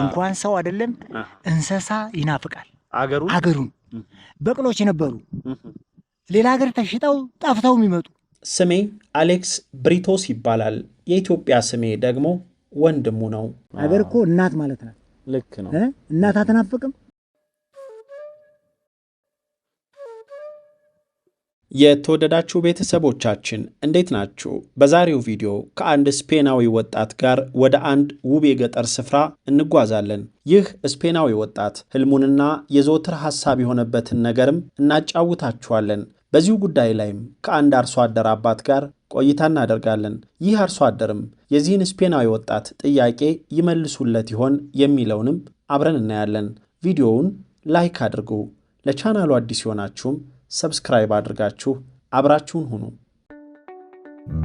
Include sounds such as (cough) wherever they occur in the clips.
እንኳን ሰው አይደለም እንስሳ ይናፍቃል አገሩን። በቅሎች የነበሩ ሌላ ሀገር ተሽጠው ጠፍተው የሚመጡ። ስሜ አሌክስ ብሪቶስ ይባላል። የኢትዮጵያ ስሜ ደግሞ ወንድሙ ነው። አገር እኮ እናት ማለት ናት። ልክ ነው። እናት አትናፍቅም? የተወደዳችሁ ቤተሰቦቻችን እንዴት ናችሁ? በዛሬው ቪዲዮ ከአንድ ስፔናዊ ወጣት ጋር ወደ አንድ ውብ የገጠር ስፍራ እንጓዛለን። ይህ ስፔናዊ ወጣት ህልሙንና የዘወትር ሐሳብ የሆነበትን ነገርም እናጫውታችኋለን። በዚሁ ጉዳይ ላይም ከአንድ አርሶ አደር አባት ጋር ቆይታ እናደርጋለን። ይህ አርሶ አደርም የዚህን ስፔናዊ ወጣት ጥያቄ ይመልሱለት ይሆን የሚለውንም አብረን እናያለን። ቪዲዮውን ላይክ አድርጉ። ለቻናሉ አዲስ ይሆናችሁም ሰብስክራይብ አድርጋችሁ አብራችሁን ሁኑ።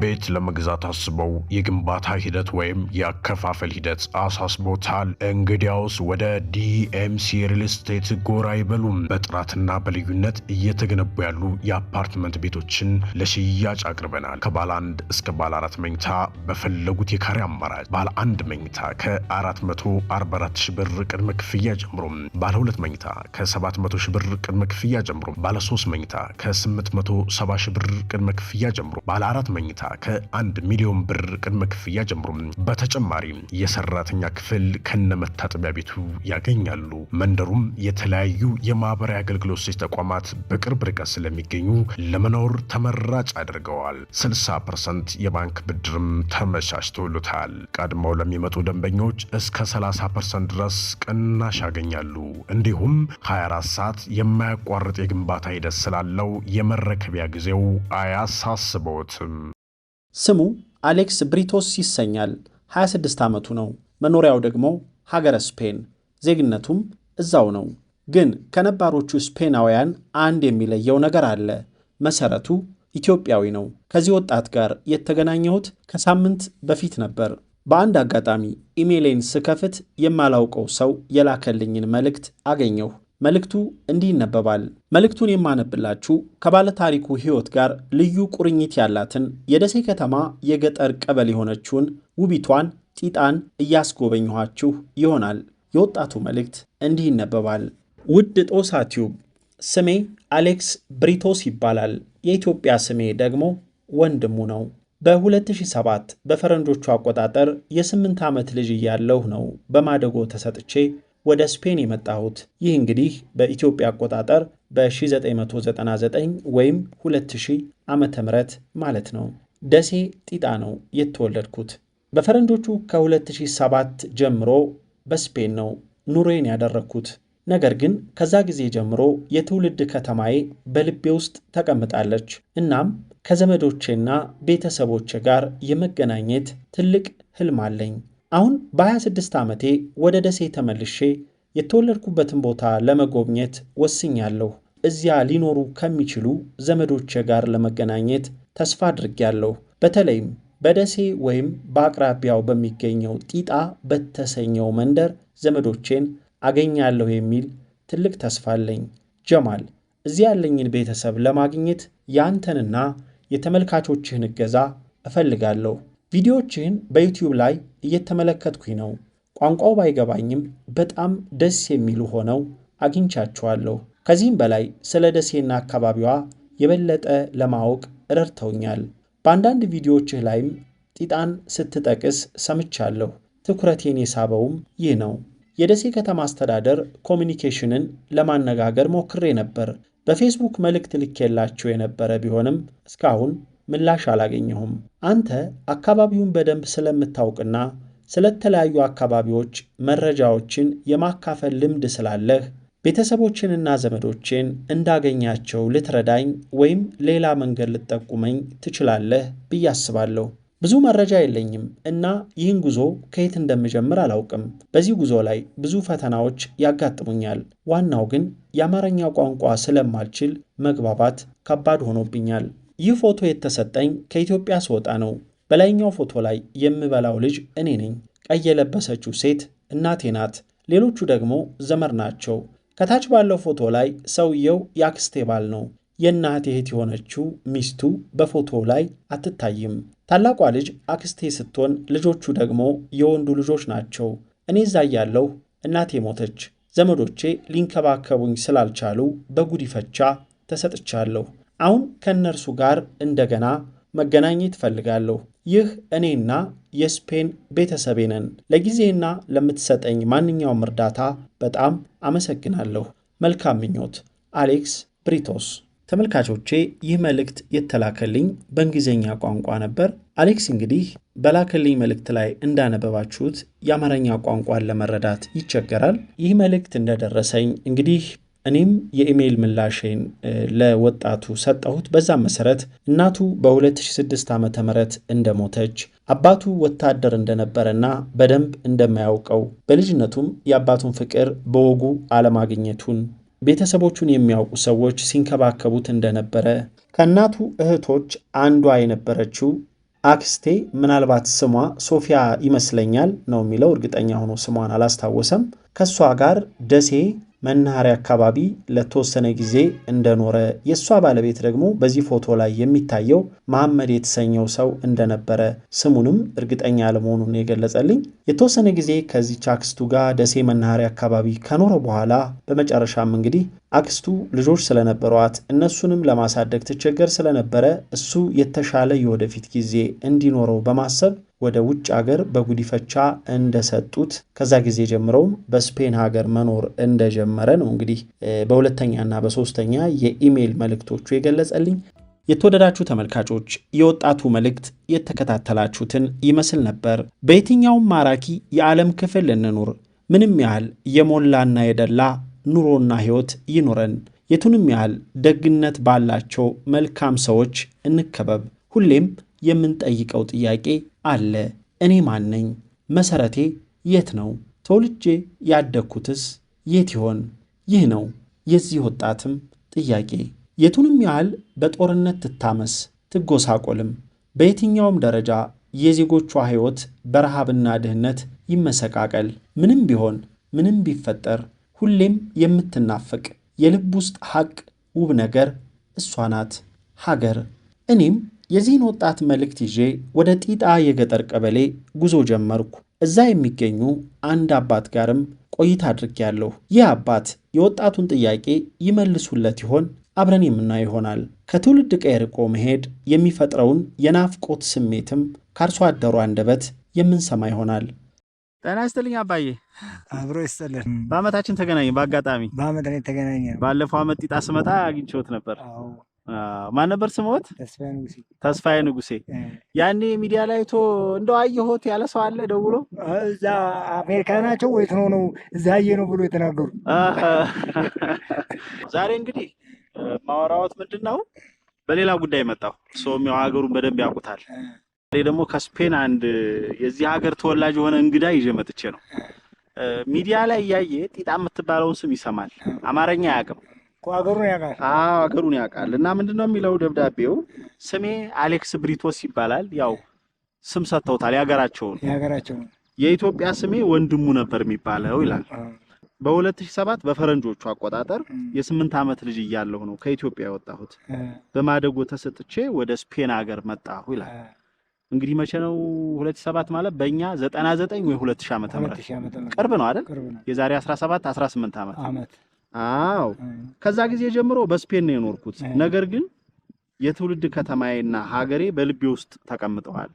ቤት ለመግዛት አስበው የግንባታ ሂደት ወይም የአከፋፈል ሂደት አሳስቦታል? እንግዲያውስ ወደ ዲኤምሲ ሪል ስቴት ጎራ ይበሉም። በጥራትና በልዩነት እየተገነቡ ያሉ የአፓርትመንት ቤቶችን ለሽያጭ አቅርበናል። ከባለ አንድ እስከ ባለ አራት መኝታ በፈለጉት የካሬ አማራጭ፣ ባለ አንድ መኝታ ከ444 ሺህ ብር ቅድመ ክፍያ ጀምሮ፣ ባለ ሁለት መኝታ ከ700 ሺህ ብር ቅድመ ክፍያ ጀምሮ፣ ባለ ሶስት መኝታ ከ870 ሺህ ብር ቅድመ ክፍያ ጀምሮ፣ ባለ አራት መኝታ ሁኔታ ከአንድ ሚሊዮን ብር ቅድመ ክፍያ ጀምሮ በተጨማሪ የሰራተኛ ክፍል ከነመታጠቢያ ቤቱ ያገኛሉ። መንደሩም የተለያዩ የማህበራዊ አገልግሎት ሴት ተቋማት በቅርብ ርቀት ስለሚገኙ ለመኖር ተመራጭ አድርገዋል። 60 ፐርሰንት የባንክ ብድርም ተመቻችቶሎታል። ቀድመው ለሚመጡ ደንበኞች እስከ 30 ፐርሰንት ድረስ ቅናሽ ያገኛሉ። እንዲሁም 24 ሰዓት የማያቋርጥ የግንባታ ሂደት ስላለው የመረከቢያ ጊዜው አያሳስበዎትም። ስሙ አሌክስ ብሪቶስ ይሰኛል። 26 ዓመቱ ነው። መኖሪያው ደግሞ ሀገረ ስፔን፣ ዜግነቱም እዛው ነው። ግን ከነባሮቹ ስፔናውያን አንድ የሚለየው ነገር አለ። መሰረቱ ኢትዮጵያዊ ነው። ከዚህ ወጣት ጋር የተገናኘሁት ከሳምንት በፊት ነበር። በአንድ አጋጣሚ ኢሜሌን ስከፍት የማላውቀው ሰው የላከልኝን መልእክት አገኘሁ። መልእክቱ እንዲህ ይነበባል። መልእክቱን የማነብላችሁ ከባለ ታሪኩ ሕይወት ጋር ልዩ ቁርኝት ያላትን የደሴ ከተማ የገጠር ቀበሌ የሆነችውን ውቢቷን ጢጣን እያስጎበኘኋችሁ ይሆናል። የወጣቱ መልእክት እንዲህ ይነበባል። ውድ ጦሳ ቲዩብ፣ ስሜ አሌክስ ብሪቶስ ይባላል። የኢትዮጵያ ስሜ ደግሞ ወንድሙ ነው። በ2007 በፈረንጆቹ አቆጣጠር የስምንት ዓመት ልጅ እያለሁ ነው በማደጎ ተሰጥቼ ወደ ስፔን የመጣሁት። ይህ እንግዲህ በኢትዮጵያ አቆጣጠር በ1999 ወይም 2000 ዓመተ ምህረት ማለት ነው። ደሴ ጢጣ ነው የተወለድኩት። በፈረንጆቹ ከ2007 ጀምሮ በስፔን ነው ኑሮዬን ያደረግኩት። ነገር ግን ከዛ ጊዜ ጀምሮ የትውልድ ከተማዬ በልቤ ውስጥ ተቀምጣለች። እናም ከዘመዶቼና ቤተሰቦቼ ጋር የመገናኘት ትልቅ ህልም አለኝ። አሁን በ26 ዓመቴ ወደ ደሴ ተመልሼ የተወለድኩበትን ቦታ ለመጎብኘት ወስኛለሁ። እዚያ ሊኖሩ ከሚችሉ ዘመዶቼ ጋር ለመገናኘት ተስፋ አድርጌያለሁ። በተለይም በደሴ ወይም በአቅራቢያው በሚገኘው ጢጣ በተሰኘው መንደር ዘመዶቼን አገኛለሁ የሚል ትልቅ ተስፋ አለኝ። ጀማል፣ እዚያ ያለኝን ቤተሰብ ለማግኘት ያንተንና የተመልካቾችህን እገዛ እፈልጋለሁ። ቪዲዮዎችን በዩቲዩብ ላይ እየተመለከትኩኝ ነው። ቋንቋው ባይገባኝም በጣም ደስ የሚሉ ሆነው አግኝቻችኋለሁ። ከዚህም በላይ ስለ ደሴና አካባቢዋ የበለጠ ለማወቅ ረድተውኛል። በአንዳንድ ቪዲዮዎችህ ላይም ጢጣን ስትጠቅስ ሰምቻለሁ። ትኩረቴን የሳበውም ይህ ነው። የደሴ ከተማ አስተዳደር ኮሚኒኬሽንን ለማነጋገር ሞክሬ ነበር። በፌስቡክ መልእክት ልኬላቸው የነበረ ቢሆንም እስካሁን ምላሽ አላገኘሁም። አንተ አካባቢውን በደንብ ስለምታውቅና ስለተለያዩ አካባቢዎች መረጃዎችን የማካፈል ልምድ ስላለህ ቤተሰቦችንና ዘመዶችን እንዳገኛቸው ልትረዳኝ ወይም ሌላ መንገድ ልትጠቁመኝ ትችላለህ ብዬ አስባለሁ። ብዙ መረጃ የለኝም እና ይህን ጉዞ ከየት እንደምጀምር አላውቅም። በዚህ ጉዞ ላይ ብዙ ፈተናዎች ያጋጥሙኛል። ዋናው ግን የአማርኛ ቋንቋ ስለማልችል መግባባት ከባድ ሆኖብኛል። ይህ ፎቶ የተሰጠኝ ከኢትዮጵያ ስወጣ ነው። በላይኛው ፎቶ ላይ የምበላው ልጅ እኔ ነኝ። ቀይ የለበሰችው ሴት እናቴ ናት። ሌሎቹ ደግሞ ዘመድ ናቸው። ከታች ባለው ፎቶ ላይ ሰውየው የአክስቴ ባል ነው። የእናቴ እህት የሆነችው ሚስቱ በፎቶ ላይ አትታይም። ታላቋ ልጅ አክስቴ ስትሆን ልጆቹ ደግሞ የወንዱ ልጆች ናቸው። እኔ እዛ እያለሁ እናቴ ሞተች። ዘመዶቼ ሊንከባከቡኝ ስላልቻሉ በጉዲፈቻ ተሰጥቻለሁ። አሁን ከእነርሱ ጋር እንደገና መገናኘት እፈልጋለሁ። ይህ እኔና የስፔን ቤተሰቤ ነን። ለጊዜና ለምትሰጠኝ ማንኛውም እርዳታ በጣም አመሰግናለሁ። መልካም ምኞት፣ አሌክስ ብሪቶስ። ተመልካቾቼ ይህ መልእክት የተላከልኝ በእንግሊዝኛ ቋንቋ ነበር። አሌክስ እንግዲህ በላከልኝ መልእክት ላይ እንዳነበባችሁት የአማርኛ ቋንቋን ለመረዳት ይቸገራል። ይህ መልእክት እንደደረሰኝ እንግዲህ እኔም የኢሜይል ምላሽን ለወጣቱ ሰጠሁት። በዛም መሰረት እናቱ በ2006 ዓ ም እንደሞተች አባቱ ወታደር እንደነበረና በደንብ እንደማያውቀው በልጅነቱም የአባቱን ፍቅር በወጉ አለማግኘቱን ቤተሰቦቹን የሚያውቁ ሰዎች ሲንከባከቡት እንደነበረ ከእናቱ እህቶች አንዷ የነበረችው አክስቴ ምናልባት ስሟ ሶፊያ ይመስለኛል ነው የሚለው እርግጠኛ ሆኖ ስሟን አላስታወሰም። ከእሷ ጋር ደሴ መናኸሪያ አካባቢ ለተወሰነ ጊዜ እንደኖረ የእሷ ባለቤት ደግሞ በዚህ ፎቶ ላይ የሚታየው መሐመድ የተሰኘው ሰው እንደነበረ ስሙንም እርግጠኛ አለመሆኑን የገለጸልኝ የተወሰነ ጊዜ ከዚች አክስቱ ጋር ደሴ መናኸሪያ አካባቢ ከኖረ በኋላ በመጨረሻም እንግዲህ አክስቱ ልጆች ስለነበሯት እነሱንም ለማሳደግ ትቸገር ስለነበረ እሱ የተሻለ የወደፊት ጊዜ እንዲኖረው በማሰብ ወደ ውጭ ሀገር በጉዲፈቻ እንደሰጡት ከዛ ጊዜ ጀምረውም በስፔን ሀገር መኖር እንደጀመረ ነው እንግዲህ በሁለተኛና በሶስተኛ የኢሜይል መልእክቶቹ የገለጸልኝ። የተወደዳችሁ ተመልካቾች የወጣቱ መልእክት የተከታተላችሁትን ይመስል ነበር። በየትኛውም ማራኪ የዓለም ክፍል እንኑር፣ ምንም ያህል የሞላና የደላ ኑሮና ሕይወት ይኑረን፣ የቱንም ያህል ደግነት ባላቸው መልካም ሰዎች እንከበብ። ሁሌም የምንጠይቀው ጥያቄ አለ? እኔ ማነኝ? መሠረቴ የት ነው? ተወልጄ ያደግኩትስ የት ይሆን? ይህ ነው የዚህ ወጣትም ጥያቄ። የቱንም ያህል በጦርነት ትታመስ ትጎሳቆልም፣ በየትኛውም ደረጃ የዜጎቿ ሕይወት በረሃብና ድህነት ይመሰቃቀል፣ ምንም ቢሆን ምንም ቢፈጠር ሁሌም የምትናፍቅ የልብ ውስጥ ሐቅ ውብ ነገር እሷ ናት ሀገር። እኔም የዚህን ወጣት መልእክት ይዤ ወደ ጢጣ የገጠር ቀበሌ ጉዞ ጀመርኩ። እዛ የሚገኙ አንድ አባት ጋርም ቆይታ አድርጌያለሁ። ይህ አባት የወጣቱን ጥያቄ ይመልሱለት ይሆን? አብረን የምናየው ይሆናል። ከትውልድ ቀይ ርቆ መሄድ የሚፈጥረውን የናፍቆት ስሜትም ከአርሶ አደሩ አንደበት የምንሰማ ይሆናል። ጤና ይስጥልኝ አባዬ። አብሮ ይስጥልን። በአመታችን ተገናኘን። በአጋጣሚ በአመት ተገናኘን። ባለፈው አመት ጢጣ ስመጣ አግኝቼዎት ነበር። ማን ነበር ስሞት? ተስፋዬ ንጉሴ። ያኔ ሚዲያ ላይ ቶ እንደው አየሆት ያለ ሰው አለ ደውሎ እዛ አሜሪካ ናቸው ወይት ነው ነው እዛ አየ ነው ብሎ የተናገሩ። ዛሬ እንግዲህ ማወራወት ምንድን ነው በሌላ ጉዳይ መጣሁ። ሰውም ያው ሀገሩን በደንብ ያውቁታል። ዛሬ ደግሞ ከስፔን አንድ የዚህ ሀገር ተወላጅ የሆነ እንግዳ ይዤ መጥቼ ነው። ሚዲያ ላይ እያየ ጢጣ የምትባለውን ስም ይሰማል። አማርኛ አያውቅም አገሩን ያውቃል እና ምንድን ነው የሚለው ደብዳቤው? ስሜ አሌክስ ብሪቶስ ይባላል። ያው ስም ሰጥተውታል የሀገራቸውን። የኢትዮጵያ ስሜ ወንድሙ ነበር የሚባለው ይላል። በ2007 በፈረንጆቹ አቆጣጠር የስምንት ዓመት ልጅ እያለሁ ነው ከኢትዮጵያ የወጣሁት። በማደጎ ተሰጥቼ ወደ ስፔን ሀገር መጣሁ ይላል። እንግዲህ መቼ ነው 2007 ማለት በእኛ 99 ወይ 2000 ዓመተ ምህረት ቅርብ ነው አይደል? የዛሬ 17 18 ዓመት አዎ ከዛ ጊዜ ጀምሮ በስፔን ነው የኖርኩት። ነገር ግን የትውልድ ከተማዬና ሀገሬ በልቤ ውስጥ ተቀምጠዋል።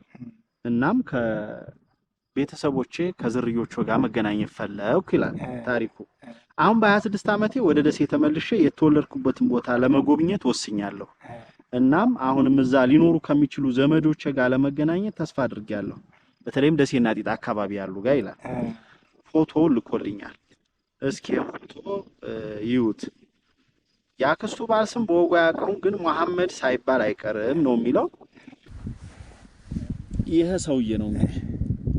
እናም ከቤተሰቦቼ ከዝርዮች ጋር መገናኘት ፈለኩ ይላል ታሪኩ። አሁን በ26 ዓመቴ ወደ ደሴ ተመልሼ የተወለድኩበትን ቦታ ለመጎብኘት ወስኛለሁ። እናም አሁንም እዛ ሊኖሩ ከሚችሉ ዘመዶች ጋር ለመገናኘት ተስፋ አድርጌያለሁ። በተለይም ደሴና ጢጣ አካባቢ ያሉ ጋር ይላል። ፎቶ ልኮልኛል። እስኪ ፎቶ ይዩት። የአክስቱ ባል ስም በወጉ ያውቀው ግን መሐመድ ሳይባል አይቀርም ነው የሚለው። ይሄ ሰውዬ ነው እንግዲህ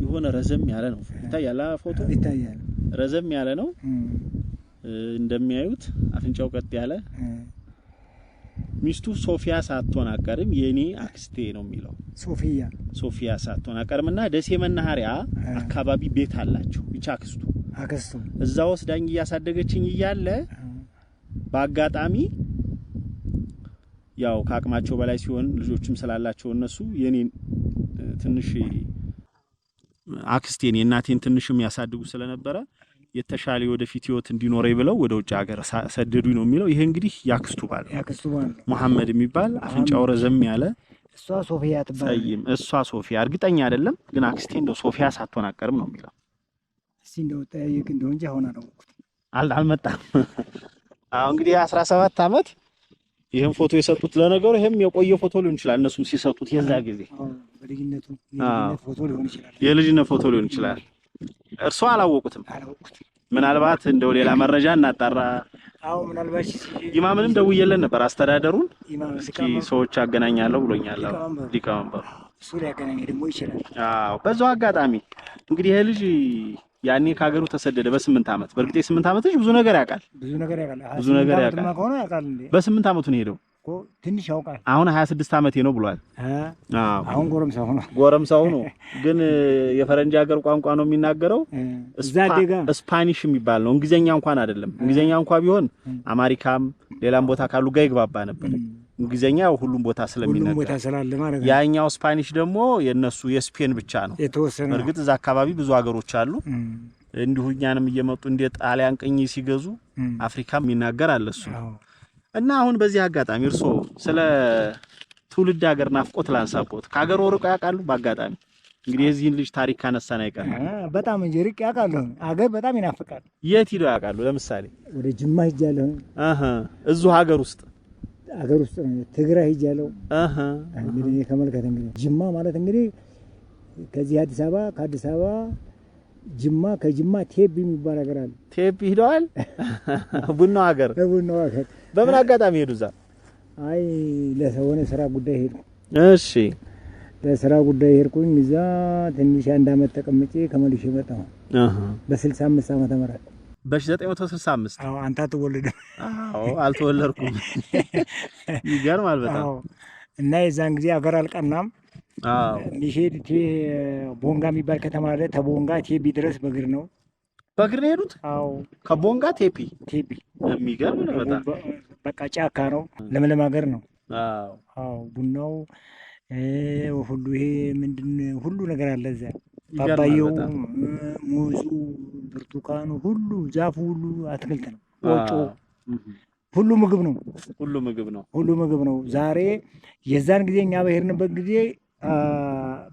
የሆነ ረዘም ያለ ነው ይታያል። ፎቶ ይታያል፣ ረዘም ያለ ነው እንደሚያዩት አፍንጫው ቀጥ ያለ። ሚስቱ ሶፊያ ሳትሆን አቀርም የኔ አክስቴ ነው የሚለው። ሶፊያ ሶፊያ ሳትሆን አቀርምና ደሴ መናኸሪያ አካባቢ ቤት አላቸው ይቻ አክስቱ እዛ ወስዳኝ እያሳደገችኝ እያለ በአጋጣሚ ያው ከአቅማቸው በላይ ሲሆን ልጆችም ስላላቸው እነሱ የኔን ትንሽ አክስቴን የእናቴን ትንሽም ያሳድጉ ስለነበረ የተሻለ ወደፊት ህይወት እንዲኖረኝ ብለው ወደ ውጭ ሀገር ሰደዱኝ ነው የሚለው። ይሄ እንግዲህ ያክስቱ ባል መሐመድ የሚባል አፍንጫው ረዘም ያለ እሷ ሶፊያ ትባላለች። እሷ ሶፊያ እርግጠኛ አይደለም ግን አክስቴ እንደው ሶፊያ ሳትሆን አቀርም ነው የሚለው እስኪ እንደው ጠያየቅ እንደው እንጂ አሁን አላወኩት አልመጣም። አሁ እንግዲህ አስራ ሰባት አመት ይህም ፎቶ የሰጡት ለነገሩ ይህም የቆየ ፎቶ ሊሆን ይችላል። እነሱም ሲሰጡት የዛ ጊዜ የልጅነት ፎቶ ሊሆን ይችላል። እርሶ አላወቁትም? ምናልባት እንደው ሌላ መረጃ እናጣራ። ምናልባት ኢማምንም ደውዬለን ነበር፣ አስተዳደሩን እስኪ ሰዎች አገናኛለሁ ብሎኛል ሊቀመንበሩ። ደግሞ ይችላል። በዛው አጋጣሚ እንግዲህ ይህ ልጅ ያኔ ከሀገሩ ተሰደደ በስምንት ዓመት በእርግጥ የስምንት ዓመት ብዙ ነገር ያውቃል፣ ብዙ ነገር ያውቃል፣ ብዙ ነገር ያውቃል። በስምንት ዓመቱ ነው ሄደው ትንሽ ያውቃል። አሁን ስድስት ዓመቴ ነው ብሏል። አሁን ጎረምሳ ሆኖ ጎረምሳ ሆኖ (laughs) ግን የፈረንጅ ሀገር ቋንቋ ነው የሚናገረው። ስፓኒሽ የሚባል ነው። እንግሊዘኛ እንኳን አይደለም። እንግሊዘኛ እንኳ ቢሆን አማሪካም ሌላም ቦታ ካሉ ጋር ይግባባ ነበር። እንግሊዘኛ ሁሉም ቦታ ስለሚነገር ቦታ ስላለ ማለት ነው። ያኛው ስፓኒሽ ደግሞ የነሱ የስፔን ብቻ ነው የተወሰነ። እርግጥ እዛ አካባቢ ብዙ ሀገሮች አሉ። እንዲሁ እኛንም እየመጡ እንደ ጣሊያን ቅኝ ሲገዙ አፍሪካ የሚናገር አለ እሱ እና አሁን በዚህ አጋጣሚ እርሶ ስለ ትውልድ ሀገር ናፍቆት ላንሳቦት ከሀገር ርቆ ያውቃሉ? በአጋጣሚ እንግዲህ የዚህን ልጅ ታሪክ ካነሳን አይቀር በጣም እንጂ ርቅ ያውቃሉ። አገር በጣም ይናፍቃል። የት ሂደው ያውቃሉ? ለምሳሌ ወደ ጅማ ሂጃለሁ። እዙ ሀገር ውስጥ አገር ውስጥ ነው ትግራይ ሂጃለሁ። እንግዲህ ከመልከት እንግዲህ ጅማ ማለት እንግዲህ ከዚህ አዲስ አበባ ከአዲስ አበባ ጅማ ከጅማ ቴፕ የሚባል ሀገር አለ። ቴፕ ሂደዋል። ቡናው ሀገር ቡናው ሀገር በምን አጋጣሚ ሄዱ እዛ? አይ ለሆነ ስራ ጉዳይ ሄዱ። እሺ ለስራ ጉዳይ ሄድኩኝ። እዛ ትንሽ አንድ አመት ተቀምጬ ከመልሼ መጣሁ በስልሳ አምስት አመተ ምህረት በ1965 አንተ አትወለድም? አልተወለድኩም። ይገርማል በጣም እና የዛን ጊዜ አገር አልቀናም። ሚሄድ ቦንጋ የሚባል ከተማ አለ። ተቦንጋ ቴፒ ድረስ በግር ነው ነው አዎ፣ ከቦንጋ ቴፒ ቴፒ። የሚገርም ነው በጣም በቃ ጫካ ነው፣ ለምለም ሀገር ነው። አዎ፣ ቡናው ሁሉ ይሄ ምንድን ሁሉ ነገር አለ እዚያ ፓፓያው፣ ሙዙ፣ ብርቱካኑ ሁሉ ዛፉ ሁሉ አትክልት ነው። ወጮ ሁሉ ምግብ ነው። ሁሉ ምግብ ነው። ሁሉ ምግብ ነው። ዛሬ የዛን ጊዜ እኛ በሄድንበት ጊዜ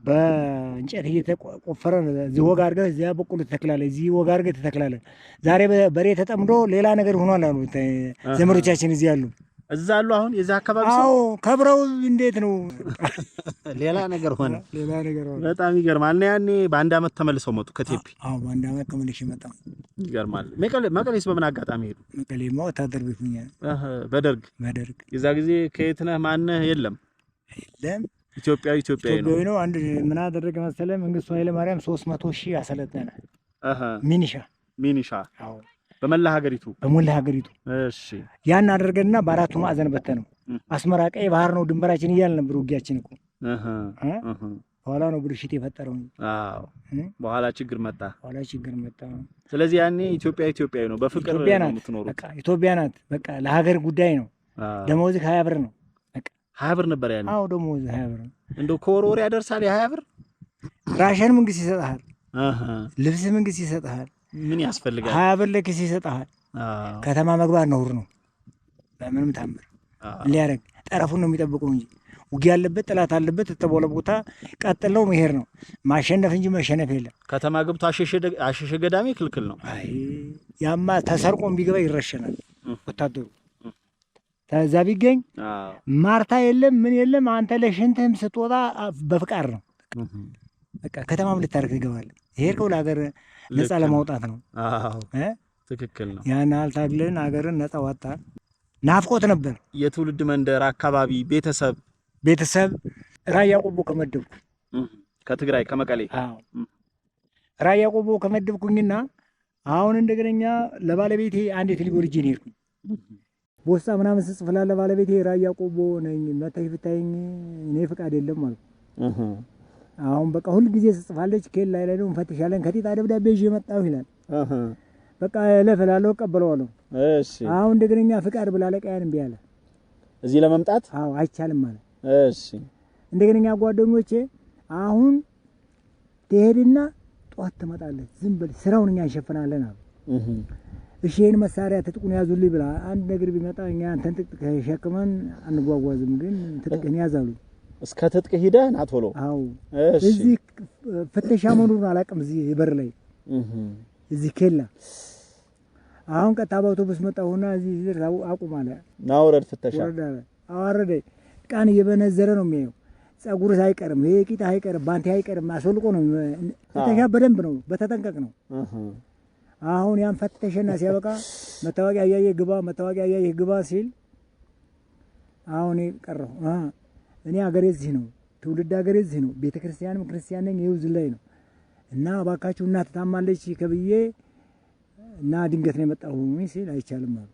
በእንጨት እየተቆፈረ እዚህ ወግ አድርገህ እዚያ በቆሎ ትተክላለህ፣ እዚህ ወግ አድርገህ ትተክላለህ። ዛሬ በሬ ተጠምዶ ሌላ ነገር ሆኗል አሉ ዘመዶቻችን እዚህ ያሉ እዛ አሉ አሁን የዚህ አካባቢ ሰው ከብረው እንዴት ነው? ሌላ ነገር ሆነ። ሌላ ነገር ሆነ። በጣም ይገርማል። እና ያኔ በአንድ አመት ተመልሰው መጡ ከቴፒ። አዎ በአንድ አመት ተመልሼ መጣሁ። ይገርማል። መቀሌ መቀሌስ በምን አጋጣሚ ሄዱ? መቀሌማ ወታደር ቤት ሆኜ እህ በደርግ በደርግ የዛ ጊዜ ከየት ነህ ማነህ የለም የለም ኢትዮጵያ ኢትዮጵያ ነው ነው። አንድ ምን አደረገ መሰለህ መንግስቱ ኃይለ ማርያም 300 ሺህ አሰለጠነ። አሃ ሚኒሻ ሚኒሻ አዎ በመላ ሀገሪቱ በሞላ ሀገሪቱ ያን አደረገና በአራቱ ማዕዘን በተ ነው አስመራ ቀይ ባህር ነው ድንበራችን እያል ነበር ውጊያችን እኮ በኋላ ነው ብልሽት የፈጠረው። በኋላ ችግር መጣ፣ በኋላ ችግር መጣ። ስለዚህ ያኔ ኢትዮጵያ ኢትዮጵያዊ ነው፣ በፍቅር ነው ኢትዮጵያ ናት፣ በቃ ለሀገር ጉዳይ ነው። ደመወዝህ ሀያ ብር ነው፣ ሀያ ብር ነበር ያኔ። አዎ ደመወዝህ ሀያ ብር ነው። እንደው ከወር ወር ያደርሳል የሀያ ብር ራሽን መንግስት ይሰጥሃል፣ ልብስ መንግስት ይሰጥሃል ምን ያስፈልጋል? ሀያ ብር ለኪስ ይሰጠሃል። ከተማ መግባት ነውር ነው በምንም ታምር ሊያደርግ ጠረፉን ነው የሚጠብቀው እንጂ ውጊያ አለበት፣ ጠላት አለበት። ተተቦለ ቦታ ቀጥለው መሄድ ነው ማሸነፍ እንጂ መሸነፍ የለም። ከተማ ገብቶ አሸሸ ገዳሜ ክልክል ነው። ያማ ተሰርቆ ቢገባ ይረሸናል ወታደሩ ከዛ ቢገኝ ማርታ የለም ምን የለም። አንተ ለሽንትህም ስትወጣ በፍቃድ ነው። በቃ ከተማም ልታደርግ ትገባለህ። ይሄ ከሁሉ ሀገር ነጻ ለማውጣት ነው። ትክክል ነው። ያን ያህል ታግለን ሀገርን ነጻ ወጣን። ናፍቆት ነበር። የትውልድ መንደር አካባቢ ቤተሰብ ቤተሰብ ራያ ቆቦ ከመደብኩ ከትግራይ ከመቀሌ ራያ ቆቦ ከመደብኩኝና አሁን እንደገነኛ ለባለቤቴ አንድ የትልጎ ልጅ ነው ሄድኩኝ ቦሳ ምናምን ስጽፍ ላለ ባለቤቴ ራያ ቆቦ ነኝ መታይ ፍታይኝ እኔ ፍቃድ የለም አልኩ አሁን በቃ ሁል ጊዜ ትጽፋለች። ኬል ላይ ላይ ነው ፈትሻለን ከጢጣ ደብዳቤ ይዤ መጣሁ ይላል። በቃ ለፈላለሁ እቀበለዋለሁ። እሺ አሁን እንደገና ፍቃድ ብላ አለቃዬን እምቢ አለ። እዚህ ለመምጣት አዎ አይቻልም አለ። እሺ እንደገና ጓደኞቼ አሁን ትሄድና ጧት ትመጣለህ፣ ዝም ብለህ ስራውን እኛ እንሸፍናለን አሉ። እሺ ይሄን መሳሪያ ትጥቁን ያዙልኝ ብላ አንድ ነገር ቢመጣ እኛ አንተን ጥጥቅ ሸክመን አንጓጓዝም፣ ግን ትጥቅህን ያዛሉኝ እስከ ትጥቅ ሂደህ ና ቶሎ። እሺ፣ እዚህ ፍተሻ መኖሩን አላውቅም። እዚህ በር ላይ እዚህ ኬላ አሁን ቀጥታ በአውቶቡስ መጣሁና እዚህ ዝራው አቁም አለ። ና ወረድ ፍተሻ አዋረደ። ቃን እየበነዘረ ነው የሚያየው። ጸጉርህ አይቀርም፣ ይሄ ቂጣ አይቀርም፣ ባንቲ አይቀርም። አስወልቆ ነው ፍተሻ። በደንብ ነው በተጠንቀቅ ነው። አሁን ያን ፈተሸና ሲያበቃ መታወቂያ እያየህ ግባ፣ መታወቂያ እያየህ ግባ ሲል አሁን ቀረሁ እኔ አገሬ እዚህ ነው፣ ትውልድ ሀገሬ እዚህ ነው። ቤተ ክርስቲያንም ክርስቲያን ነኝ፣ ይኸው እዚህ ላይ ነው እና እባካችሁ እናት ታማለች ከብዬ እና ድንገት ነው የመጣሁ ሲል አይቻልም አሉ።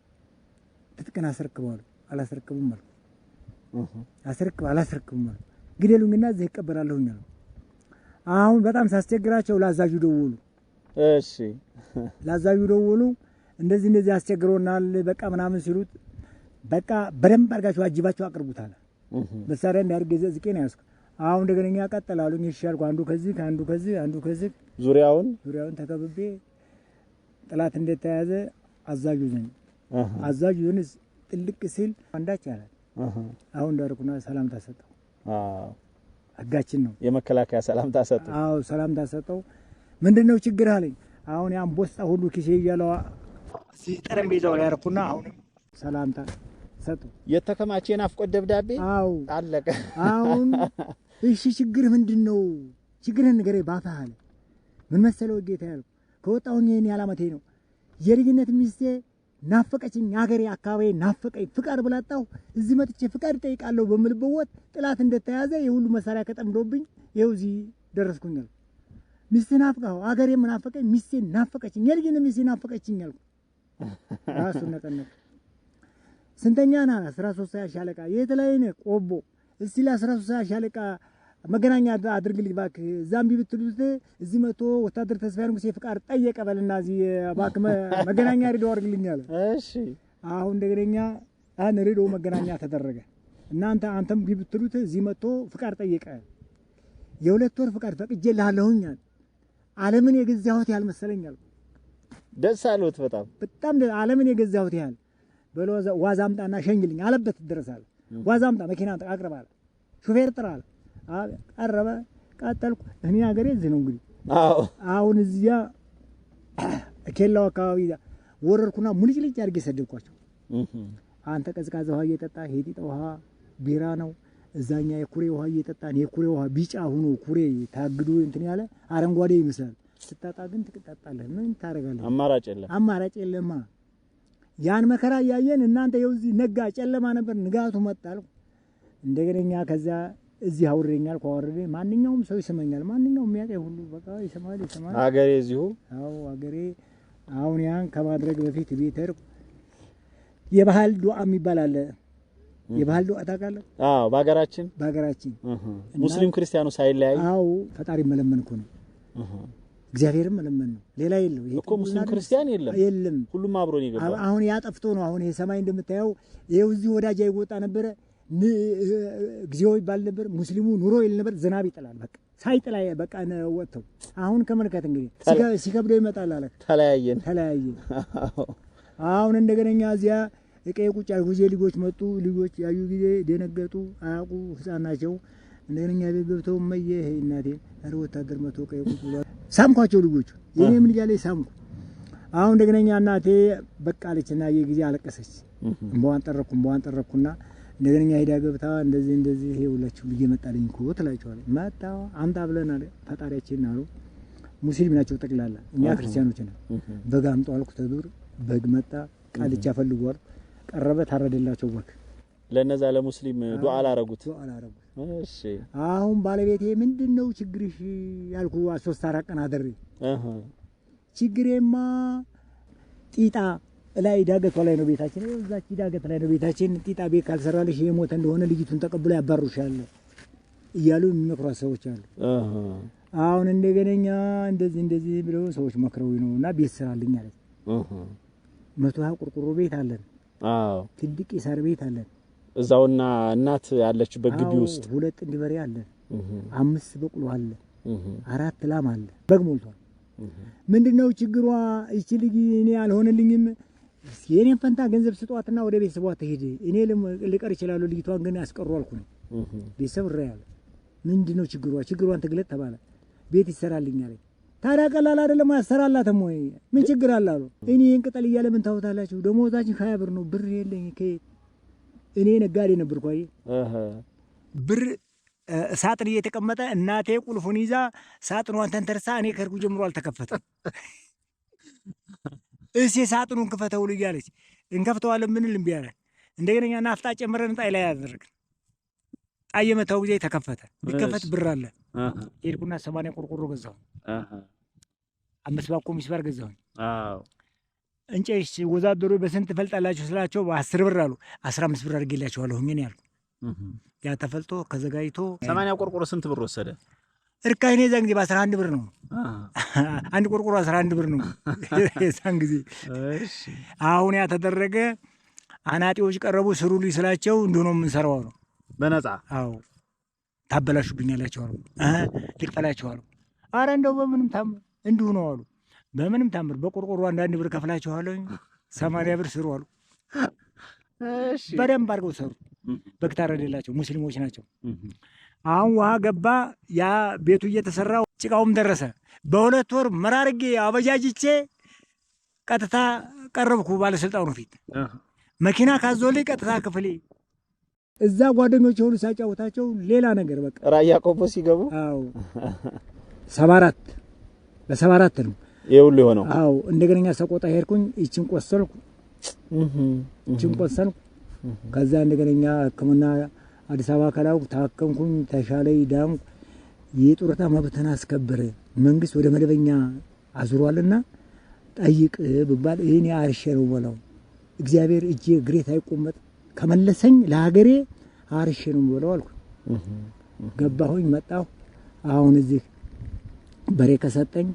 ትጥቅን አስረክበው አሉ። አላስረክብም አሉ። አስረክብ አላስረክብም አሉ። ግደሉኝና እዚህ ይቀበላለሁኝ አሉ። አሁን በጣም ሳስቸግራቸው ለአዛዡ ደወሉ። እሺ ላዛዡ ደወሉ። እንደዚህ እንደዚህ አስቸግሮናል በቃ ምናምን ሲሉት በቃ በደንብ አድርጋችሁ አጅባችሁ አቅርቡታል መሳሪያ እንዳድርግ ጊዜ ነው ያስኩ አሁን እንደገና እንደገነኛ ቀጠላሉ ይሻልኩ አንዱ ከዚህ አንዱ ከዚህ አንዱ ከዚህ ዙሪያውን ዙሪያውን ተከብቤ ጥላት እንደተያዘ አዛዡ ዘንድ አዛዡ ዘንድ ጥልቅ ሲል አንዳች ያላል። አሁን ዳርኩና ሰላምታ ሰጠው። ህጋችን ነው የመከላከያ ሰላምታ ሰጠው። አዎ ሰላምታ ሰጠው። ምንድን ነው ችግር አለኝ። አሁን ያን ቦስጣ ሁሉ ኪሴ እያለው ጠረጴዛው ላይ ያርኩና አሁን ሰላምታ ሰጡ። የተከማቸ የናፍቆት ደብዳቤ አዎ፣ አለቀ። አሁን (laughs) እሺ፣ ችግር ምንድን ነው? ችግርህን ንገረኝ ባፈህ አለ። ምን መሰለው ጌታ ያልኩ ከወጣሁኝ የኔ አላማቴ ነው። የልጅነት ሚስቴ ናፈቀችኝ፣ አገሬ፣ አካባቢ ናፈቀኝ። ፍቃድ ብላጣሁ እዚህ መጥቼ ፍቃድ እጠይቃለሁ በምልበት ወቅት ጥላት እንደተያዘ የሁሉ መሳሪያ ከጠምዶብኝ ይኸው እዚህ ደረስኩኝ አልኩ። ሚስቴ ናፍቀኸው፣ አገሬም ናፈቀኝ፣ ሚስቴ ናፈቀችኝ፣ የልጅነት ሚስቴ ናፈቀችኝ አልኩ። ራሱን ነቀነቅ ስንተኛ ና? አስራ ሶስት ሀያ ሻለቃ የት ላይ ነህ? ቆቦ። እስቲ ለአስራ ሶስት ሀያ ሻለቃ መገናኛ አድርግልኝ እባክህ። እዚያ እምቢ ብትሉት እዚህ መቶ ወታደር ተስፋ ንጉሴ ፍቃድ ጠየቀ በልና እዚህ እባክህ መገናኛ ሬዲዮ አድርግልኝ አለ። እሺ አሁን እንደገደኛ አን ሬዲዮ መገናኛ ተደረገ። እናንተ አንተም ቢብትሉት ብትሉት እዚህ መቶ ፍቃድ ጠየቀ። የሁለት ወር ፍቃድ ፈቅጄልሃለሁኝ አለ። ዓለምን የገዛሁት ያህል መሰለኛል። ደስ አለሁት በጣም በጣም ዓለምን የገዛሁት ያህል በሎ ዋዛ አምጣና ሸኝልኝ አለበት። ደረሳል። ዋዛ አምጣ መኪና አቅርብ ሹፌር ጥራ ቀረበ። ቀጠልኩ። እኔ ሀገሬ እዚህ ነው እንግዲህ። አሁን እዚያ ኬላው አካባቢ ወረርኩና ሙልጭልጭ አድርጌ ሰደድኳቸው። አንተ ቀዝቃዛ ውሃ እየጠጣ የጢጣ ውሃ ቢራ ነው። እዛኛ የኩሬ ውሃ እየጠጣ የኩሬ ውሃ ቢጫ ሁኖ ኩሬ ታግዶ እንትን ያለ አረንጓዴ ይመስላል። ስታጣ ግን ትቅጣጣለህ። ምን ታደርጋለህ? አማራጭ የለም። አማራጭ የለማ ያን መከራ እያየን እናንተ የውዚህ ነጋ ጨለማ ነበር፣ ንጋቱ መጣል። እንደገና እኛ ከዛ እዚህ አውርደኛል። ከወረደ ማንኛውም ሰው ይሰማኛል። ማንኛውም የሚያውቀኝ ሁሉ በቃ ይሰማል፣ ይሰማል። አገሬ እዚሁ። አዎ አገሬ። አሁን ያን ከማድረግ በፊት ቤተር የባህል ዱዓ የሚባል አለ። የባህል ዱዓ ታውቃለህ? አዎ፣ በሀገራችን በሀገራችን ሙስሊም ክርስቲያኑ ሳይለያይ። አዎ፣ ፈጣሪ መለመንኩ ነው እግዚአብሔርም መለመን ነው። ሌላ የለው እኮ ሙስሊም ክርስቲያን የለም የለም፣ ሁሉም አብሮ ነው የገባው። አሁን ያ ጠፍቶ ነው። አሁን የሰማይ ሰማይ እንደምታየው ይኸው እዚህ ወዳጅ አይወጣ ነበረ ጊዜው ይባል ነበር። ሙስሊሙ ኑሮ ይል ነበር። ዝናብ ይጥላል። በቃ ሳይጥላ በቃ ወጥተው አሁን ከመልከት እንግዲህ ሲከብደው ይመጣል አለ። ተለያየን ተለያየን። አሁን እንደገነኛ እዚያ እቀይ ቁጭ ጊዜ ልጆች መጡ። ልጆች ያዩ ጊዜ ደነገጡ። አያውቁ ህፃን ናቸው። እንደገና እኛ ቤት ገብተው እመዬ ይሄ እናቴ ኧረ ወታደር መቶ ቀይ ቁጭ ብሏል። ሳምኳቸው ልጆቹ የኔም ምን ላይ ሳምኩ። አሁን እንደገና እኛ እናቴ በቃ አለችና የጊዜ አለቀሰች። እምባዋን ጠረኩ እምባዋን ጠረኩና እንደገና እኛ ሄዳ ገብታ እንደዚህ እንደዚህ ይሄ ሁላችሁ ልጅ መጣልኝ እኮ ትላቸዋለች። መጣ አምጣ ብለናል ፈጣሪያችን አሉ። ሙስሊም ናቸው ጠቅላላ፣ እኛ ክርስቲያኖች ነን። በግ አምጡ አልኩ ተዱር በግ መጣ። ቃልቻ ፈልጓል። ቀረበ ታረደላቸው በግ ለነዛ ለሙስሊም ዱዓ አላረጉት። እሺ አሁን ባለቤቴ ምንድነው ችግርሽ ያልኩ ሶስት አራት ቀን አደረ። ችግሬማ ጢጣ ላይ ዳገቷ ላይ ነው ቤታችን፣ እዛች ዳገት ላይ ነው ቤታችን። ጢጣ ቤት ካልሰራልሽ የሞተ እንደሆነ ልጅቱን ተቀብሎ ያባሩሻል እያሉ የሚመክሯት ሰዎች አሉ። አሁን እንደገነኛ እንደዚህ እንደዚህ ብለው ሰዎች መክረው ነው እና ቤት ስራልኝ አለች። መቶ ሀያ ቁርቁሮ ቤት አለን፣ ትልቅ የሳር ቤት አለን እዛውና እናት ያለችበት ግቢ ውስጥ ሁለት ጥንድ በሬ አለ፣ አምስት በቅሎ አለ፣ አራት ላም አለ። በግ ሞልቷል። ምንድነው ችግሯ? እቺ ልጅ እኔ አልሆነልኝም። የእኔን ፈንታ ገንዘብ ስጧትና ወደ ቤተሰቧ ትሄድ። እኔ ልቀር እችላለሁ፣ ልጅቷን ግን አስቀሩ አልኩ ነው ቤተሰብ ራ ያለ ምንድነው ችግሯ? ችግሯን ትግለጥ ተባለ። ቤት ይሰራልኝ አለኝ። ታዲያ ቀላል አይደለም አሰራላትም ወይ ምን ችግር አለ አሉ። እኔ ይህን ቅጠል እያለ ምን ታወታላችሁ? ደሞዛችን ሀያ ብር ነው። ብር የለኝ ከየት እኔ ነጋዴ ነበርኩ። አይ ብር ሳጥን እየተቀመጠ እናቴ ቁልፉን ይዛ ሳጥኗን ተንተርሳ እኔ ከርኩ ጀምሮ አልተከፈተም። እሴ ሳጥኑን ክፈተው እያለች እንከፍተዋለን ምንል እምቢ አለ። እንደገና ናፍጣ ጨምረን ጣይ ላይ አደረግን። ጣይ የመታው ጊዜ ተከፈተ። ቢከፈት ብር አለ። ሄድኩና ሰማንያ ቆርቆሮ ገዛሁ። አምስት ባኮ ሚስባር ገዛሁኝ። እንጨሽ ወዛደሮ በስንት ትፈልጣላችሁ ስላቸው በአስር ብር አሉ። አስራ አምስት ብር አድርጌላቸዋለሁ እኔ ያልኩ ያ ተፈልጦ ከዘጋጅቶ ሰማንያ ቆርቆሮ ስንት ብር ወሰደ? እርካሽ ነው የዛን ጊዜ በአስራ አንድ ብር ነው። (laughs) አንድ ቆርቆሮ አስራ አንድ ብር ነው (laughs) የዛን ጊዜ። አሁን ያ ተደረገ። አናጢዎች ቀረቡ። ስሩልኝ ስላቸው እንዲሁ ነው የምንሰራው ነው በነጻ አዎ ታበላሹብኛላቸው አሉ። ልቅጠላቸው አሉ። አረ እንደው በምንም ታም እንዲሁ ነው አሉ በምንም ታምር በቆርቆሮ አንዳንድ ብር ከፍላችኋለሁ። ሰማንያ ብር ስሩ አሉ። በደንብ አድርገው ሰሩ። በክታረደላቸው ሙስሊሞች ናቸው። አሁን ውሃ ገባ፣ ያ ቤቱ እየተሰራ ጭቃውም ደረሰ። በሁለት ወር መራርጌ አበጃጅቼ ቀጥታ ቀረብኩ ባለስልጣኑ ፊት። መኪና ካዞልኝ ቀጥታ ክፍሌ እዛ ጓደኞች የሆኑ ሳጫወታቸው ሌላ ነገር በቃ ራያ ቆቦ ሲገቡ ሰባ አራት አራት ነው ይሄ ሁሉ የሆነው? አዎ። እንደገናኛ ሰቆጣ ሄድኩኝ። ይችን ቆሰልኩ፣ ይችን ቆሰልኩ። ከዛ እንደገናኛ ሕክምና አዲስ አበባ ከላኩ፣ ታከምኩኝ፣ ተሻለኝ፣ ዳንኩ። የጡረታ መብትን አስከብር መንግስት ወደ መደበኛ አዙሯልና ጠይቅ ብባል ይህን አርሼ ነው በለው። እግዚአብሔር እጄ እግሬ አይቆመጥ ከመለሰኝ ለሀገሬ አርሼ ነው በለው አልኩ። ገባሁኝ፣ መጣሁ። አሁን እዚህ በሬ ከሰጠኝ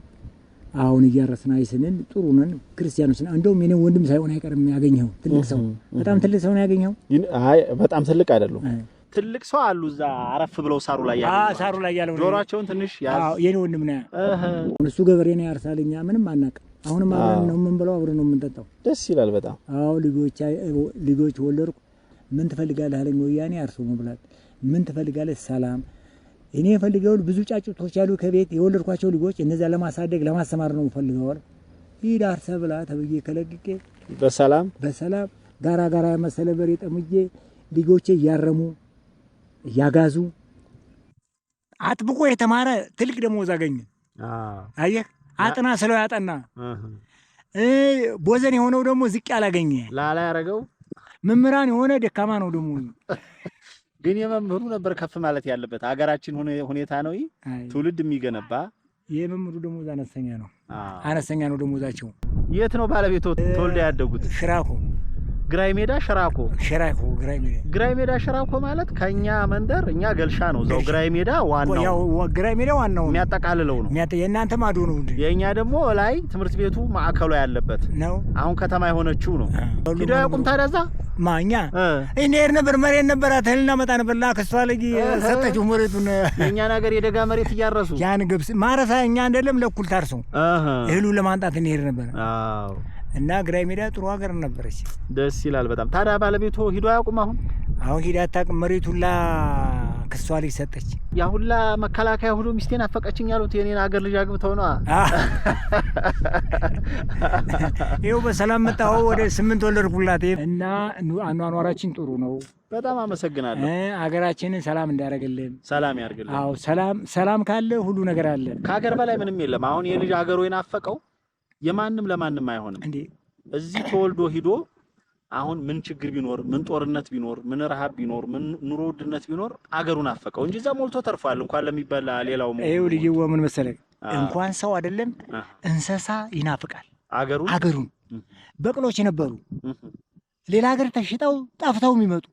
አሁን እያረስን አይስንን ጥሩ ነን ክርስቲያኖች ነን። እንደውም የኔ ወንድም ሳይሆን አይቀርም ያገኘው ትልቅ ሰው በጣም ትልቅ ሰው ነው ያገኘኸው። አይ በጣም ትልቅ አይደሉም ትልቅ ሰው አሉ እዛ አረፍ ብለው ሳሩ ላይ ያለው ሳሩ ላይ ያለው ጆሮአቸውን ትንሽ ያዝ የኔ ወንድም ነው። እሱ ገበሬ ነው ያርሳል። እኛ ምንም አናውቅም። አሁንም አብረን ነው የምንበላው፣ አብረን ነው የምንጠጣው። ደስ ይላል በጣም። አዎ ልጆች ልጆች ወለድኩ። ምን ትፈልጋለህ አለኝ። ወያኔ አርሶ መብላት ምን ትፈልጋለህ? ሰላም እኔ የፈልገውን ብዙ ጫጭቶች ያሉ ከቤት የወለድኳቸው ልጆች እነዚያ ለማሳደግ ለማሰማር ነው የምፈልገውን። ሂድ አርሰህ ብላ ተብዬ ከለቅቄ በሰላም በሰላም ጋራ ጋራ የመሰለ በሬ ጠምጄ ልጆቼ እያረሙ እያጋዙ አጥብቆ የተማረ ትልቅ ደሞዝ አገኘ። አየህ አጥና ስለው ያጠና ቦዘን የሆነው ደግሞ ዝቅ ያላገኘ ላላ ያረገው መምህራን የሆነ ደካማ ነው ደሞዙ ግን የመምህሩ ነበር ከፍ ማለት ያለበት። ሀገራችን ሁኔታ ነው ትውልድ የሚገነባ። የመምህሩ ደሞዝ አነስተኛ ነው፣ አነስተኛ ነው ደሞዛቸው። የት ነው ባለቤቶ ተወልደ ያደጉት? ሽራኮ ግራይ ሜዳ ሽራኮ ሽራኮ ግራይ ሜዳ ግራይ ሜዳ ሽራኮ ማለት ከኛ መንደር እኛ ገልሻ ነው። እዛው ግራይ ሜዳ ዋናው ያው ግራይ ሜዳ ዋናው የሚያጠቃልለው ነው። የእናንተ ማዶ ነው እንዴ? የኛ ደግሞ ላይ ትምህርት ቤቱ ማዕከሏ ያለበት ነው። አሁን ከተማ የሆነችው ነው። ሂደው ያቁም ታዳዛ ማኛ እኔ ሄድ ነበር። መሬት ነበራት እህል እናመጣ ነበር። ላክስቷ ልጅ ሰጠችው መሬቱን። የእኛን ሀገር የደጋ መሬት እያረሱ ያን ግብስ ማረሳ እኛ እንደለም ለኩል ታርሱ እህሉ ለማንጣት እንሄድ ነበር። እና ግራይ ሜዳ ጥሩ ሀገር ነበረች። ደስ ይላል በጣም። ታዲያ ባለቤቱ ሂዶ አያውቁም? አሁን አሁን ሂዳ አታውቅም። መሬቱ ሁላ ክሷ ልጅ ሰጠች። ያ ሁላ መከላከያ ሁሉ ሚስቴን አፈቀችኝ ያሉት የኔን ሀገር ልጅ አግብተው ነዋ። ይኸው በሰላም መጣሁ። ወደ ስምንት ወለድኩላት እና አኗኗራችን ጥሩ ነው። በጣም አመሰግናለሁ። አገራችንን ሰላም እንዳያደርግልን ሰላም ያርግልን። አዎ ሰላም ሰላም ካለ ሁሉ ነገር አለ። ከሀገር በላይ ምንም የለም። አሁን የልጅ ሀገሩ የናፈቀው የማንም ለማንም አይሆንም። እዚህ ተወልዶ ሂዶ አሁን ምን ችግር ቢኖር ምን ጦርነት ቢኖር ምን ረሃብ ቢኖር ምን ኑሮ ውድነት ቢኖር አገሩን አፈቀው እንጂ እዛ ሞልቶ ተርፏል። እንኳን ለሚበላ ሌላው ይኸው ልዩ ምን መሰለህ፣ እንኳን ሰው አይደለም እንስሳ ይናፍቃል አገሩን አገሩን። በቅሎች የነበሩ ሌላ ሀገር ተሽጠው ጠፍተው የሚመጡ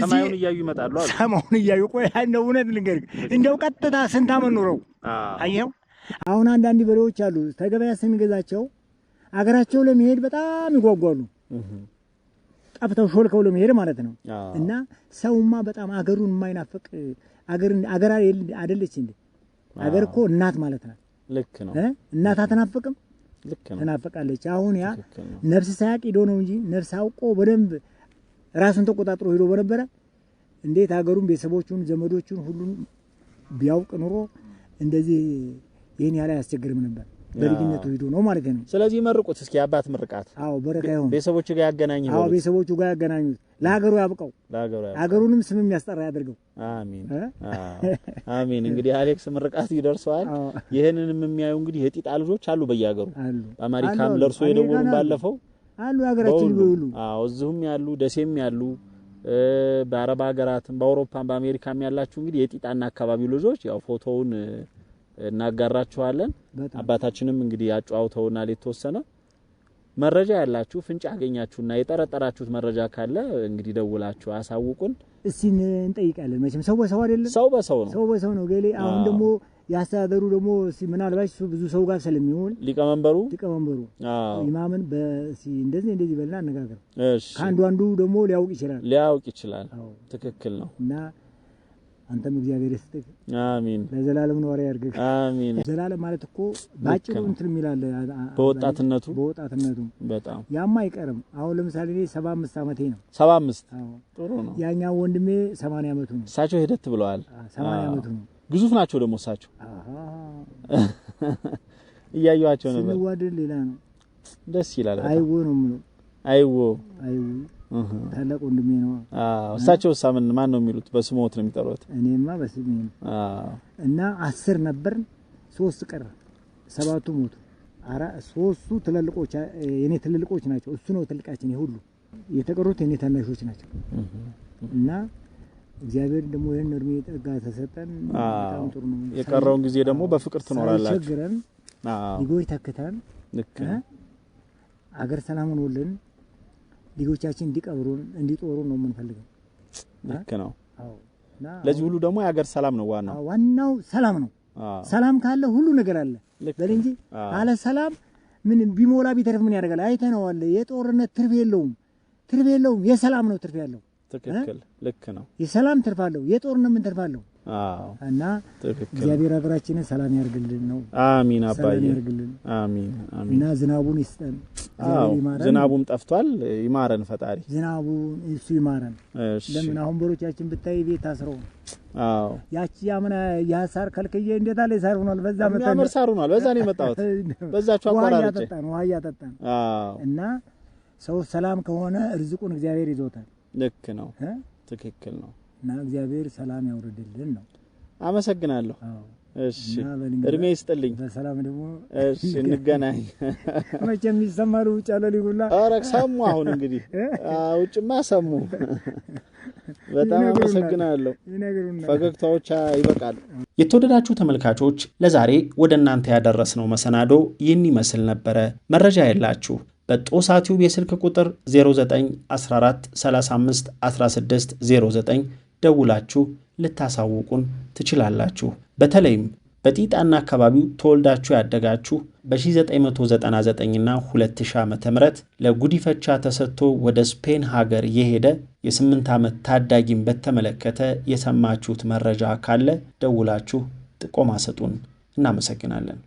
ሰማዩን እያዩ ይመጣሉ። ሰማዩን እያዩ ቆይ፣ እውነት ልንገርህ፣ እንደው ቀጥታ ስንት አመት ኑረው አየኸው አሁን አንዳንድ በሬዎች አሉ ተገበያ ስንገዛቸው አገራቸው ለመሄድ በጣም ይጓጓሉ። ጠፍተው ሾልከው ለመሄድ ማለት ነው። እና ሰውማ በጣም አገሩን የማይናፍቅ አገር አደለች እንዴ? አገር እኮ እናት ማለት ናት። ልክ ነው። እናት አትናፍቅም? ልክ ነው፣ ትናፍቃለች። አሁን ያ ነፍስ ሳያቅ ሂዶ ነው እንጂ ነፍስ አውቆ በደንብ ራሱን ተቆጣጥሮ ሂዶ በነበረ እንዴት አገሩን፣ ቤተሰቦቹን፣ ዘመዶቹን ሁሉን ቢያውቅ ኑሮ እንደዚህ ይህን ያህል አያስቸግርም ነበር። በልጅነቱ ሂዶ ነው ማለት ነው። ስለዚህ መርቁት እስኪ አባት ምርቃት። አዎ በረካ ይሁን። ቤተሰቦቹ ጋር ያገናኝ። አዎ ቤተሰቦቹ ጋር ያገናኙት። ለሀገሩ ያብቀው፣ ለሀገሩ ያብቀው፣ ሀገሩንም ስም የሚያስጠራ ያደርገው። አሚን አሚን። እንግዲህ አሌክስ ምርቃት ይደርሰዋል። ይህንንም የሚያዩ እንግዲህ የጢጣ ልጆች አሉ በየሀገሩ አሉ። በአሜሪካም ለእርሶ የደወሉን ባለፈው አሉ ሀገራችን ይሉ። አዎ እዚሁም ያሉ ደሴም ያሉ በአረብ ሀገራትም በአውሮፓም በአሜሪካም ያላችሁ እንግዲህ የጢጣና አካባቢው ልጆች ያው ፎቶውን እናጋራችኋለን። አባታችንም እንግዲህ አጫውተውናል የተወሰነ መረጃ ያላችሁ ፍንጭ ያገኛችሁና የጠረጠራችሁት መረጃ ካለ እንግዲህ ደውላችሁ አሳውቁን። እስቲ እንጠይቃለን። መቼም ሰው በሰው አይደለም፣ ሰው በሰው ነው፣ ሰው በሰው ነው ገሌ። አሁን ደግሞ ያስተዳደሩ ደግሞ ምናልባች ብዙ ሰው ጋር ስለሚሆን ሊቀመንበሩ ሊቀመንበሩ ኢማምን እንደዚህ እንደዚህ በልና አነጋገር ከአንዱ አንዱ ደግሞ ሊያውቅ ይችላል ሊያውቅ ይችላል። ትክክል ነው እና አንተም እግዚአብሔር ይስጥህ። አሜን። ለዘላለም ነው ያርግህ። አሜን። ዘላለም ማለት እኮ ባጭሩ እንትን የሚላል በወጣትነቱ በወጣትነቱ በጣም ያማ አይቀርም። አሁን ለምሳሌ እኔ 75 ዓመቴ ነው። 75 ጥሩ ነው። ያኛው ወንድሜ 80 ዓመቱ ነው። እሳቸው ሄደት ብለዋል። 80 ዓመቱ ነው። ግዙፍ ናቸው ደግሞ እሳቸው። (laughs) እያየኋቸው ነበር። ስንዋደድ ሌላ ነው። ደስ ይላል። አይዎ ነው የምለው። አይዎ አይዎ ታላቅ ወንድሜ ነው። እሳቸው ሳምን ማን ነው የሚሉት? በስሞት ነው የሚጠሩት። እኔማ በስሜ ነው። እና አስር ነበር፣ ሶስት ቀረ፣ ሰባቱ ሞቱ። ሶስቱ ትልልቆች የኔ ትልልቆች ናቸው። እሱ ነው ትልቃችን ሁሉ የተቀሩት የኔ ታናሾች ናቸው። እና እግዚአብሔር ደግሞ ይህን እድሜ ጠጋ ተሰጠን። በጣም ጥሩ ነው። የቀረውን ጊዜ ደግሞ በፍቅር ትኖራላችሁ። ቸግረን ልጆች ተክተን አገር ሰላም ሆኖልን ልጆቻችን እንዲቀብሩን እንዲጦሩ ነው የምንፈልገው። ልክ ነው። ለዚህ ሁሉ ደግሞ የሀገር ሰላም ነው ዋናው። ዋናው ሰላም ነው። ሰላም ካለ ሁሉ ነገር አለ በል እንጂ አለ ሰላም ምን ቢሞላ ቢተርፍ ምን ያደርጋል? አይተነዋል። የጦርነት ትርፍ የለውም፣ ትርፍ የለውም። የሰላም ነው ትርፍ ያለው። ትክክል። ልክ ነው። የሰላም ትርፍ አለው፣ የጦርነት ምን ትርፍ አለው? እና እግዚአብሔር ሀገራችንን ሰላም ያርግልን ነው። አሚን አባዬ፣ አሚን አሚን። እና ዝናቡን ይስጠን፣ ዝናቡም ጠፍቷል። ይማረን ፈጣሪ፣ ዝናቡን እሱ ይማረን። ለምን አሁን በሮቻችን ብታይ ቤት ታስረው አዎ ያቺ ያምና ያሳር ከልክዬ እንዴት አለ ሳር ሆኗል። በዛ መጣ ሳር ሆኗል። በዛ ነው የመጣሁት። (laughs) በዛቹ ውሃ እያጠጣን አዎ። እና ሰው ሰላም ከሆነ ርዝቁን እግዚአብሔር ይዞታል። ልክ ነው። ትክክል ነው። እና እግዚአብሔር ሰላም ያውርድልን ነው። አመሰግናለሁ። እሺ እድሜ ይስጥልኝ። በሰላም ደግሞ እሺ እንገናኝ። (laughs) መቼም ይሰማሉ ውጭ ያለ ሊጉላ ኧረ ሰሙ። አሁን እንግዲህ ውጭማ ሰሙ። (laughs) በጣም አመሰግናለሁ። ፈገግታዎች ይበቃሉ። የተወደዳችሁ ተመልካቾች ለዛሬ ወደ እናንተ ያደረስነው መሰናዶ ይህን ይመስል ነበረ። መረጃ የላችሁ በጦሳ ቲዩብ የስልክ ቁጥር 0914351609 ደውላችሁ ልታሳውቁን ትችላላችሁ። በተለይም በጢጣና አካባቢው ተወልዳችሁ ያደጋችሁ በ1999ና 2000 ዓ ም ለጉዲፈቻ ተሰጥቶ ወደ ስፔን ሀገር የሄደ የስምንት ዓመት ታዳጊን በተመለከተ የሰማችሁት መረጃ ካለ ደውላችሁ ጥቆማ እናመሰግናለን።